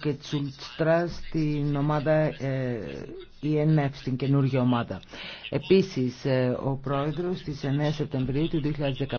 και Τσουλτστρά στην ομάδα ε, ENF, στην καινούργια ομάδα. Επίσης, ε, ο πρόεδρος της 9 Σεπτεμβρίου του 2019.